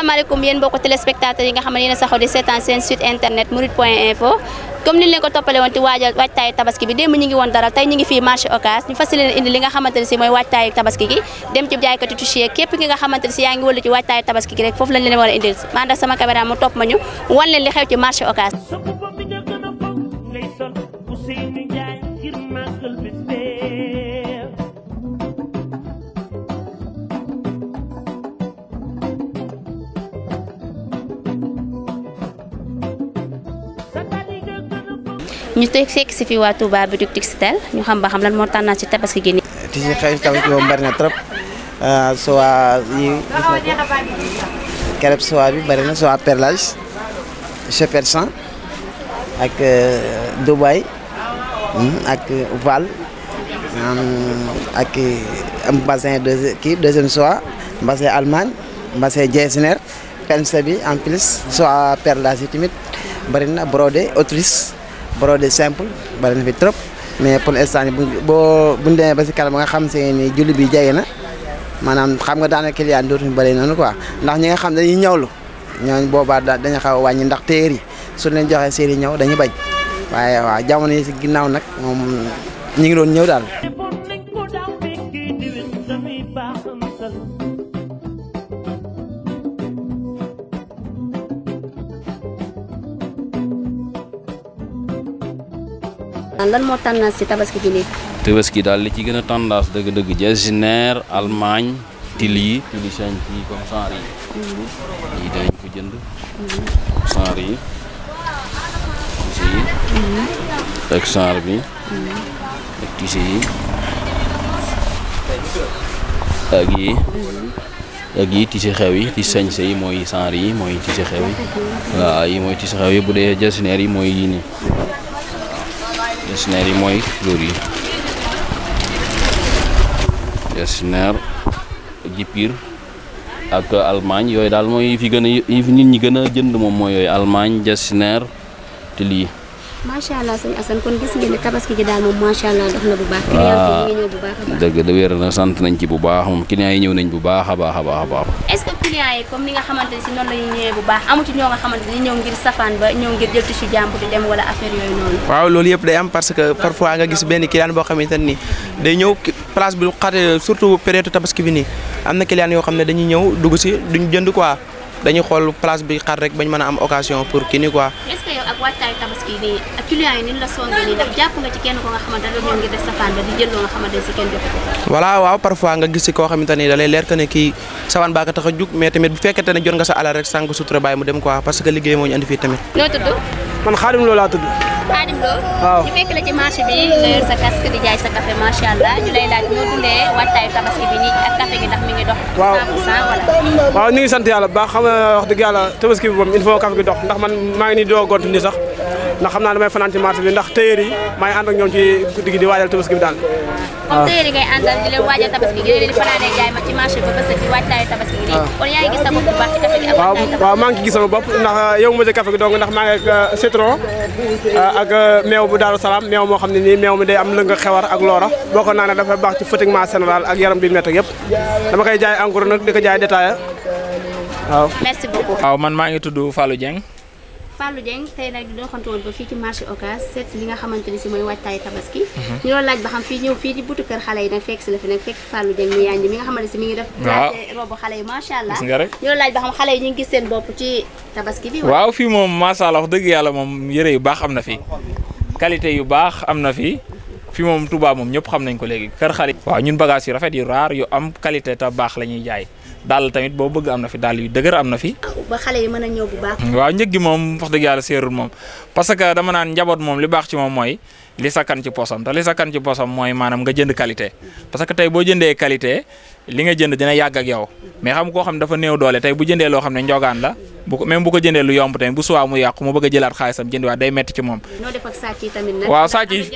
asalaamaaleykum yéen mbokki téléspectateurs yi nga xam ne yéen a saxoo di seetaan seen site internet murit point info comme ni ñu leen ko toppale woon ci waajal waajtaayu tabaski bi démb ñu ngi woon dara tey ñu ngi fii marché Ocass ñu fas indi li nga xamante si mooy waajtaayu tabaski gi dem ci jaaykati touché képp nga xamante si yaa ngi wëlu ci waajtaayu tabaski gi rek foofu lañ leen war a indil ma ak sama caméra mu topp ma ñu wan li xew ci ñu tay fekk ci fi wa Touba boutique textile ñu xam ba xam lan moo tànnaa ci tabaski gi di ci xëy tabaski moom bari na trop wa ah, yi so wa bi bari na wa perlage cheper persan ak eh, Dubai hmm, ak val ak am bassin de qui deuxième soir bassin Allemagne bassin jesner pense bi en plus soit perlage yi tamit bari na brodé autrice de simple bari na fi trop mais pour l'instant bu boo bu ñu demee ba si kanam nga xam see ni julli bi jege na maanaam xam nga daanaka client dootuñu bëri noonu quoi ndax ñi nga xam dañuy ñawlu ñooñu boobaa da dañu xaw a wàññi ndax téer yi suñ leen joxee seen i ñaw dañuy bañ waaye waaw jamono yi si ginnaaw nag moom ñi ngi doon ñëw daal. lan moo tendance ci tabaski ji nii. daal li ci gën a tendance dëgg-dëgg jasineer almaañ tili tili sañ yi comme genre yi. dañ ko jënd. genre yi. tise bi. ak mm-hmm. tise yi. ak yi mm-hmm. ak yi yi tisi sañse yi mooy genre yi mooy tisi xew yi mm-hmm. waaw yi mooy tisi xew yi bu dee jasineer yi mooy yii nii jasneer yi mooy couleur gipir jasneer jipir ak almaañ yooyu daal mooy yi fi gën a yi nit ñi macha allah sëñ Assane kon gis ngeen ne tabaski gi allah dox na ah, bu baax. client yi ñëw bu bu baax moom client yi ñëw est-ce que client yi comme ni nga xamante ne si noonu la bu baax amu ci ñoo nga xamante ne ngir safaan ba ngir jël di dem wala affaire si am waajtaayu tabaski nii ak client yi ni la nga ci kenn ko nga xamante ne ñoo ngi def sa fànn di si kenn jotu ko. voilà parfois nga gis si koo xamante ni da lay ne kii sawaan baa ko tax a jug mais tamit bu fekkente ne jot nga sa alal rek sànq sutura bàyyi mu dem quoi parce que liggéey moo ñu andi fii tamit. noo tudd. man Xaadim Lo laa tudd. Xaadim Lo. waaw ñu bi nga ngi sant yàlla baax xam nga wax yàlla tabaski bi moom il faut gi dox ndax man maa ngi nii doo gont nii sax ndax xam naa damay fanaan ci marché bi ndax téyeer yi may ànd ak ñoom ci guddi gi di waajal tabaski bi daal waaw ah. téyeer yi ngay àndal di leen waajal tabaski gi di fanaanee jaay ma ci marché bi parce que waajtaayu tabaski gi ah. kon yaa ngi gis sa bopp bu baax ci café gi ak waaw waaw maa ngi gis sama bopp ndax ah, yow ma ci café gi donc ndax maa ngi ak citron ak meew bu daaru salaam meew moo xam ne nii meew mi day am lëng xewar ak loora boo ko naanee dafa baax ci fatiguement général ak yaram bi mett ak yëpp dama koy jaay encore nag di ko jaay détaillé waaw merci beaucoup waaw man maa ngi tudd Fallou Dieng Fallou Dieng tay nak di doxantu woon ba fi ci marché Ocass set li nga xamanteni ci moy mooy tabaski mhm. ñu doon laaj ba xam fi ñew fi di butu kër xalé yi nak fekk ci la fi nak fekk Fallou Dieng mu yànj mi nga xamanteni mi ngi def robo xalé yi machallah allah ñu doon laaj ba xam xalé yi ñu ngi gis seen bop ci tabaski bi waaw fi mom machallah allah wax dëgg yàlla moom yëre yu bax amna fi qualité yu bax amna fi fi mom Touba mom ñëpp xam nañ ko léegi kër xale waaw ñun bagage yu rafet yu rar yu am qualité ta bax lañuy jaay daal tamit boo bëgg am na fi daal yu dëgër am na fi. a waaw njëg gi moom wax dëgg yàlla séerul moom parce que dama naan njaboot moom li baax ci moom mooy li sakkan ci posam te li sakkan ci posam mooy maanaam nga jënd qualité parce que tey boo jëndee qualité li nga jënd dina yàgg ak yow mais xam koo xam ne dafa néew doole tey bu jëndee loo xam ne njogaan la bu ko même bu ko jëndee lu yomb tamit bu suwaa mu yàqu mu bëgg a jëlaat xaalisam jëndiwaat day metti ci moom. waaw sàcc yi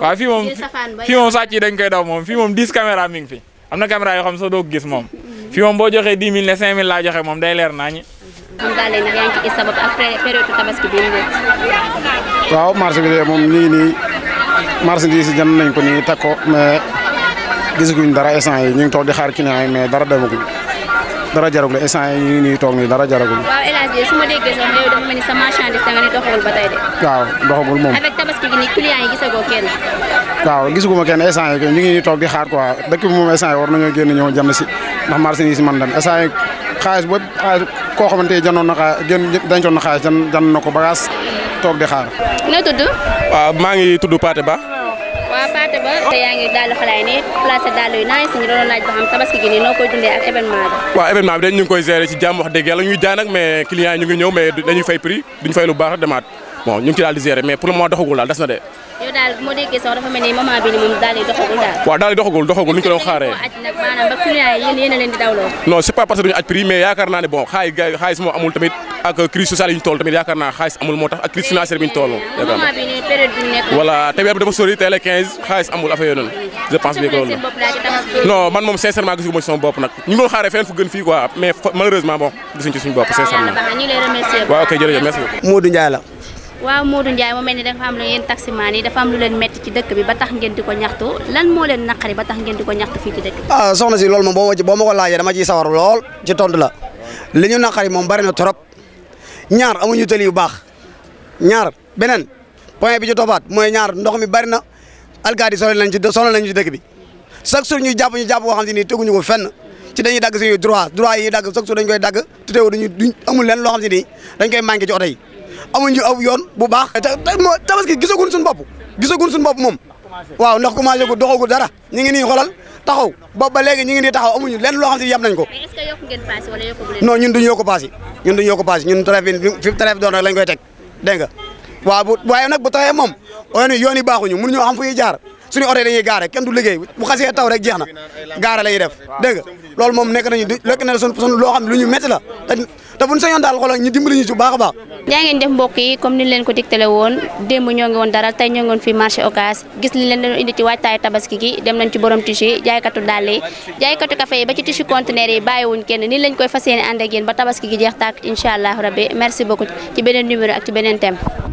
waaw fii moom fii yi dañ koy daw moom fii moom ngi fi am na caméra yoo xam ne gis moom fi moom boo joxee dix mille ne cinq mille laa joxe moom day leer naa moom daal léegi nag yaa ngi ciy sabab après période tabaski bi mu waaw marché bi de moom nii marché marchandise yi jënd nañ ko nii teg ko mais dara instant yi ñu ngi toog di xaar client yi mais dara demagul dara jaragul instant yi ñu ngi nii toog nii dara jaragul. waaw doxagul waaw doxagul moom. avec tabaski gi nii client yi gisagoo kenn. waaw gisaguma kenn instant yi ñu ngi toog di xaar ko dëkk bi moom instant yi war nañoo génn ñëw jënd si ndax marché yi si man dem instant yi xaalis boobu xaalis koo xamante ni jëndoon na xaalis gën dencoon na xaalis jënd na ko bagage toog di xaar. nga tudd. waaw maa ngi tudd Pathé Ba. waaw Pathé Ba yaa ngi daal di xalaay nii placé daal yu naaj si ñu doon laaj ba xam tabaski gi nii noo koy dundee ak événement bi bi dañ ñu ngi koy gérer ci jàmm wax ñuy jaay mais client ñu ngi ñëw mais dañuy fay prix duñu fay lu baax demaat bon ñu ngi ci daal di gérer mais pour le moment doxagul daal des na de yow daal bu ma déggee sax dafa mel ni moment bi ni moom daal di doxagul daal waaw daal di doxagul doxagul ni ñu ko doon xaaree aj nag maanaam ba client yi yéen leen di dawloo non c'est pas parce duñu aj prix moo amul tamit ak crise sociale yi ñu toll tamit yaakaar naa xaalis amul moo tax ak crise financière bi ñu toll. yaakaar naa bi dafa sori tey la xaalis amul affaire yooyu noonu. je pense bien que loolu la la. waaw Modou Ndiaye mu mel ni dafa lu yéen taximaan yi dafa lu leen metti ci dëkk bi ba tax ngeen di ko ñaxtu lan moo leen naqari ba tax ngeen di ko ñaxtu fii ci dëkk bi. ah soxna si loolu moom boo ma ko laajee dama ciy sawar lool ci tontu la li ñu naqari moom bari na trop ñaar amuñu tëli bu baax ñaar beneen point bi ci toppaat mooy ñaar ndox mi bari na alkaati sonal nañ ci sonal nañ ci dëkk bi chaque jour ñu jàpp ñu jàpp koo xam te ni teguñu ko fenn ci dañuy dagg suñuy droit droit yi dagg chaque jour dañ koy dagg te teewul duñu duñ amul leen loo xam te ni dañ koy manqué ci oto yi amuñu aw yoon bu baax. te te moo tabaski gisaguñ suñu bopp gisaguñ suñu bopp moom waaw ndax commencé gu doxagu dara ñu ngi nii xoolal. taxaw boobu ba léegi ñu ngi nii taxaw amuñu lenn loo xam si yem nañ ko. mais est-ce que yokku ngeen paas wala yokku leen. non ñun duñu yokku paas ñun duñu yokku paas yi ñun tarif bi fi tarif bi doon rek lañ koy teg dégg nga waaw bu waaye nag bu tawee moom yoon yi baaxuñu mënuñoo xam fu ñuy jaar suñu oto dañuy gaare kenn du liggéey bu xasee taw rek jeex na gaare la ñuy def dégg loolu moom nekk nañu lekk na sun loo xam ne lu ñu métti la te baax a baax ngeen def mbokk yi comme niñ leen ko digtale woon démb ñoo ngi woon daral tey ñoo ngi woon fi marché Ocass gis ni leen indi ci waajtaayu tabaski gi dem nañ ci borom tissu yi jaaykatu dàll yi jaaykatu café yi ba ci tissu conteneur yi bàyyiwuñ kenn ni lañ koy fas yéene ànd ak yéen ba tabaski gi jeex tàkk incha allah rabbi merci beaucoup ci beneen numéro ak ci beneen thème